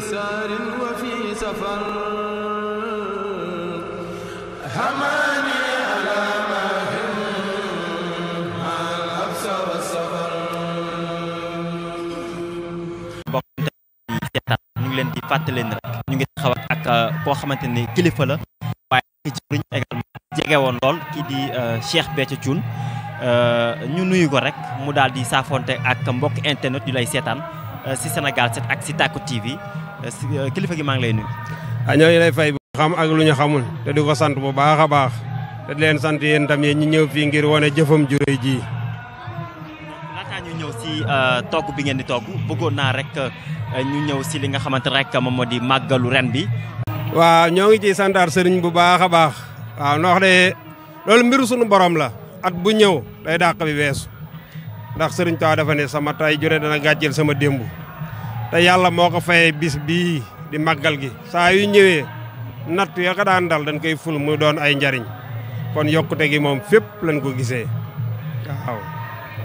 سار وفي سفر هماني على ما هم مع الحبس والسفر ñu ngi leen di fàttali leen ñu ngi koo xamante ne kilifa la waaye Cheikh Béthio Thioune ñu nuyu ko rek mu daal di ak mbokk internet yu lay seetaan si Sénégal 7 ak si Tacko TV Euh, kilifa gi maa ngi lay nuyu. a ah, ñooñu lay fay bu xam ak lu ñu xamul te di sant bu baax a baax te di leen sant yéen tam yéen ñi ñëw fii ngir wane jëfam jure ji. laataa ñu ñëw si euh, togg bi ngeen di togg bëggoon naa rek euh, ñu ñëw si li nga xamante rek moom moo di màggalu ren bi. waaw ñoo ngi ciy santaar sëriñ bu baax a baax waaw noo xam loolu mbiru sunu borom la at bu ñëw day dàq bi weesu ndax sëriñ Tuubaa dafa ne sama tay jure dana gàcceel sama démb. te yàlla moo ko fayee bis bii di màggal gi saa yu ñëwee natt ya ko daan dal dañ koy ful muy doon ay njariñ kon yokkute gi moom fépp lañ ko gisee waaw.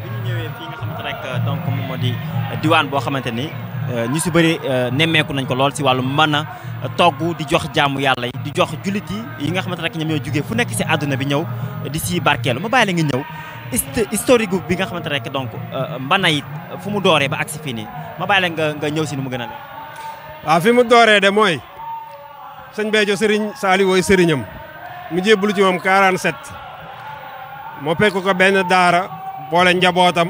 bi ñu ñëwee fii nga xamante rek donc moom moo di diwaan boo xamante ni euh, ñu si bëri euh, nemmeeku nañ ko lool si wàllu mën a togg di jox jaamu yàlla yi di jox jullit yi nga xamante rek ñoom ñoo jugee fu nekk si àdduna bi ñëw di si barkeelu ma bàyyi la nga ñëw. historique bi nga xamante rek donc euh, Mbanay euh, fu mu dooree ba agsi fii nii ma bàyyi nga nga ñëw si nu mu gën a ne mu dooree de mooy sëñ Béthio sëriñ Saliou wooy sëriñam mu jébbalu ci moom 47 moo fekk ko benn daara boole njabootam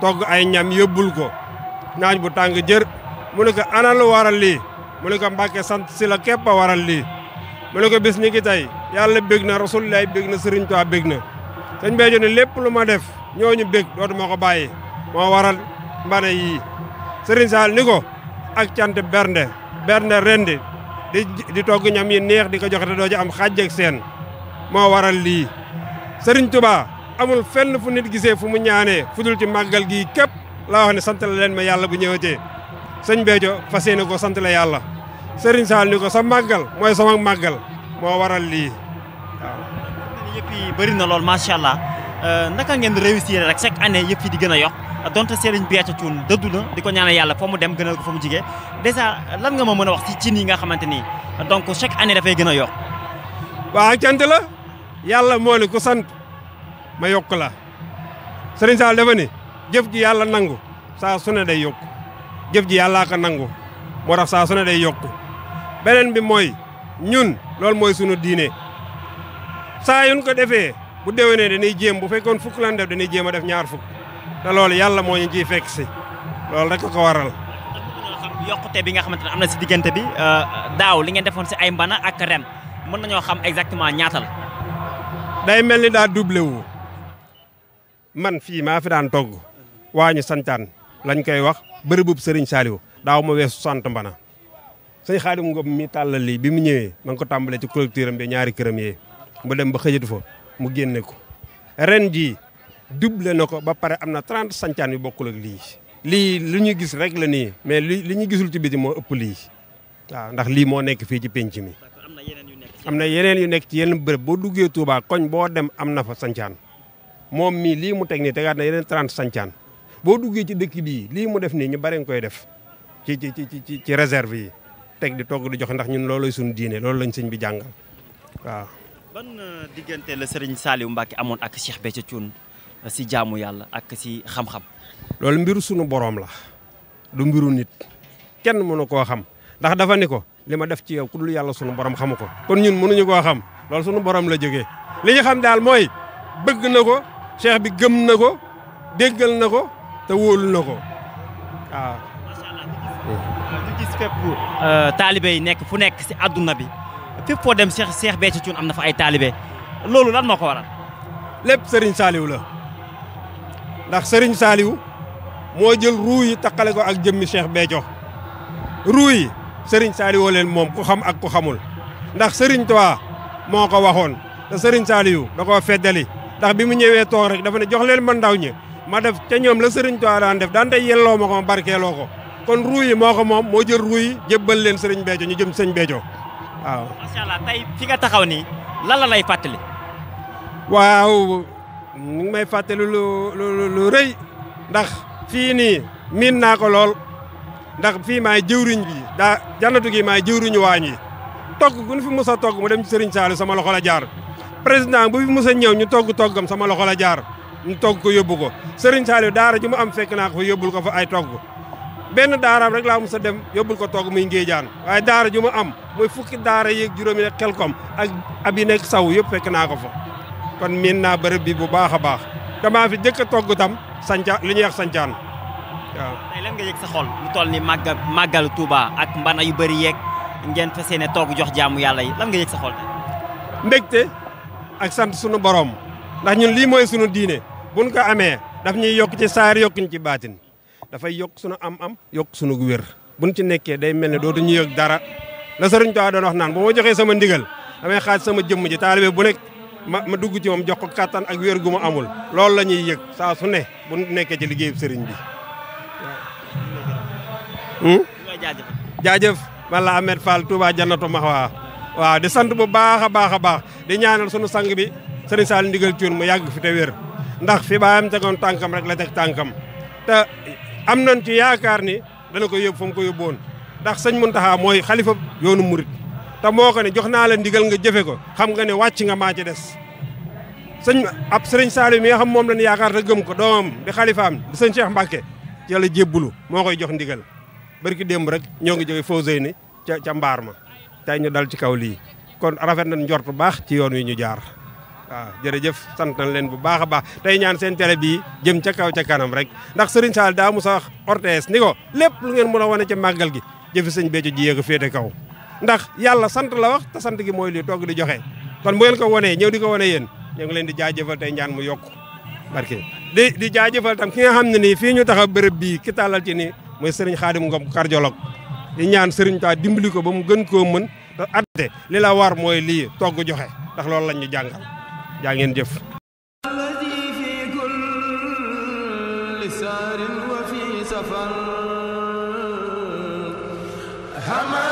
togg ay ñam yóbbul ko naaj bu tàng jër mu ne ko ana lu waral lii mu ne ko Mbàkke sant si la képp a waral lii mu ne ko bis ñi ki tey yàlla bég na sëriñ Tuubaa bég na sëñ Béthio ne lépp lu ma def ñooñu bég dootu moo ko bàyyi moo waral mbana yii Serigne Sall ni ko ak cant bernde bernde rendi di di togg ñam yi neex di ko joxe te ci am xàjj seen moo waral lii Serigne Touba amul fenn fu nit gisee fu mu ñaanee fu dul ci màggal gii képp laa wax ne leen ma yàlla bu ñëwatee sëñ Béthio fas yéene ko sant yàlla Serigne Sall ni sa màggal mooy sama màggal moo waral lii et puis bëri na lool macha allah euh, naka ngeen réussir rek chaque année yëpp fi di gën a yokk donte Serigne Béthio Thioune dëddu na di ko ñaanal yàlla fa mu dem gënal ko fa mu jigee dèjà lan nga ma mën a wax ci cin yi nga xamante ni donc chaque année dafay gën a yokk waaw cant la yàlla moo ne ku sant ma yokk la Serigne Sall dafa jëf ji yàlla nangu saa su ne day yokk jëf ji yàllaa ko nangu moo tax saa su ne day yokk beneen bi mooy ñun loolu mooy sunu diine saa yuñ ko defee bu déwénee dañuy jéem bu fekkoon fukk lan def dañuy jéem a def ñaar fukk te loolu yàlla moo ñu jiy fekk si loolu rek ko waral. yokkute bi nga xamante ne am na si diggante bi euh, daaw li ngeen defoon si ay mbana ak ren mën nañoo xam exactement ñaata day mel ni daa doublé man fii maa fi daan togg waa ñu santaan lañu koy wax bërëbub Serigne Saliou daaw ma weesu sant mbana sëñ mu Ngom mi tàllal lii bi mu ñëwee ma ngi ko ci collecteur am ñaari këram yee. mu dem ba xëjatu fa mu génne ko ren jii double na ko ba pare am na 30 sàncaan yu bokkul ak lii. lii li ñu gis rek la nii mais li li ñu gisul ci biti moo ëpp lii waaw ndax lii moo nekk fii ci penc mi. am na yeneen yu nekk ci yenn bërëb boo duggee Touba koñ boo dem am na fa sàncaan moom mii lii mu teg nii tegaat na yeneen 30 sàncaan boo duggee ci dëkk bii lii mu def nii ñu bare nga koy def ci ci ci ci réserve yi teg di togg di joxe ndax ñun loolooy suñu diine loolu lañ sëñ bi jàngal waaw. ban euh, diggante la Serigne Saliou Mbacke amoon ak Cheikh ca Thioune euh, si jaamu yàlla ak si xam-xam. loolu mbiru sunu boroom la du mbiru nit kenn mënu koo xam ndax dafa ni ko li ma def ci yow ku yàlla sunu borom xamu ko. kon ñun mënuñu ko xam loolu sunu boroom la jóge li ñu xam daal mooy bëgg na ko cheikh bi gëm na ko déggal na ko te wóolu ko waaw. macha euh, nekk fu nekk si adduna bi. fépp foo dem Cheikh Cheikh Béthio Thioune am na fa ay taalibe loolu lan moo ko waral. lépp sëriñ saaliwu la ndax Serigne saaliwu moo jël ruu yi taqale ko ak jëmmi Cheikh Béthio ruu yi Serigne Saliou leen moom ku xam ak ku xamul ndax Serigne Touba moo ko waxoon te Serigne Saliou da koo feddali ndax bi mu ñëwee toog rek dafa ne jox leen ma ndaw ñi ma def ca ñoom la Serigne Touba daan def daan tey yelloo ma ko ma barkeeloo ko kon ruu moo ko moom moo jël ruu yi jébbal leen Serigne Béthio ñu jëm Serigne Béthio. waaw macha allah tey fi nga taxaw nii lan la lay fàttali. waaw mu ngi may fàttali lu lu lu rëy ndax fii nii miin naa ko lool ndax fii maay jëwriñ bi daa jannatu gi maay jëwriñu waañ yi togg gu ñu fi mos a togg mu dem ci Serigne Saliou sama loxo la jaar président bu fi mos a ñëw ñu togg toggam sama loxo la jaar ñu togg ko yóbbu ko Serigne Saliou daara ji mu am fekk naa ko fa yóbbul ko fo ay togg benn daaraam rek laa mos a dem yóbbul ko toog muy ngéejaan waaye daara ju ma am mooy fukki daara yeeg juróomi nekk xelkom ak ab yi nekk saw yëpp fekk naa ko fa kon miin naa bërëb bi bu baax a baax damaa fi jëkk a togg tam sanca li ñuy wax sancaan waaw tey lan nga yëg sa xol mu toll ni màggal màggalu Touba ak mbana yu bëri yeeg ngeen fas yéene togg jox jaamu yàlla yi lan nga yëg sa xol mbégte ak sant sunu borom ndax ñu lii mooy sunu diine buñ ko amee daf ñuy yokk ci saar yokkuñ ci baatin dafay yokk sunu am-am yokk sunu wér buñ ci nekkee day mel ne dootuñu yëg dara la Sëriñ Tuubaa doon wax naan bu ma joxee sama ndigal damay xaaj sama jëmm ji taalibe bu nekk ma ma dugg ci moom jox ko kattan ak wér gu mu amul loolu la ñuy yëg saa su ne bu nekkee ci liggéeyub sëriñ bi hmm? jaajëf jaajëf Malla Ahmed Fall Touba ma Mahwa waaw di sant bu baax a baax a baax di ñaanal sunu sang bi sëriñ Sall ndigal Cuun mu yàgg fi te wér ndax fi baayam tegoon tànkam rek la teg tànkam am nañ ci yaakaar ni dana ko yóbbu fa mu ko yóbboon ndax sëñ mun Muntaxa mooy xalifa yoonu murit te moo ko ne jox naa la ndigal nga jëfe ko xam nga ne wàcc nga maa ci des sëñ ab sëriñ Saliou mi nga xam moom lañ yaakaar te gëm ko doomam di xalifaam di sëñ Cheikh Mbacke ci la jébbulu moo koy jox ndigal barki démb rek ñoo ngi jóge Fawzey ni ca ca mbaar ma tey ñu dal ci kaw lii kon rafet na njort bu baax ci yoon wi ñu jaar waaw jërëjëf sant nañ leen bu baax a baax tey ñaan seen télé bii jëm ca kaw ca kanam rek ndax Serigne Sall daa mu wax ortees ni ko lépp lu ngeen mën a wane ca màggal gi jëfi sëñ Béthio ji yéeg a féete kaw ndax yàlla sant la wax te sant gi mooy lii toog di joxe kon bu ngeen ko wanee ñëw di ko wane yéen ñu ngi leen di jaajëfal tey ñaan mu yokk barke di di jaajëfal tam ki nga xam ne ni fii ñu taxaw bërëb bii ki tàllal ci nii mooy Serigne Khadim Ngom cardiologue di ñaan Serigne taa dimbali ko ba mu gën koo mën te atte li la war mooy lii togg joxe ndax loolu lañ ñu jàngal jaa ngeen jëf safar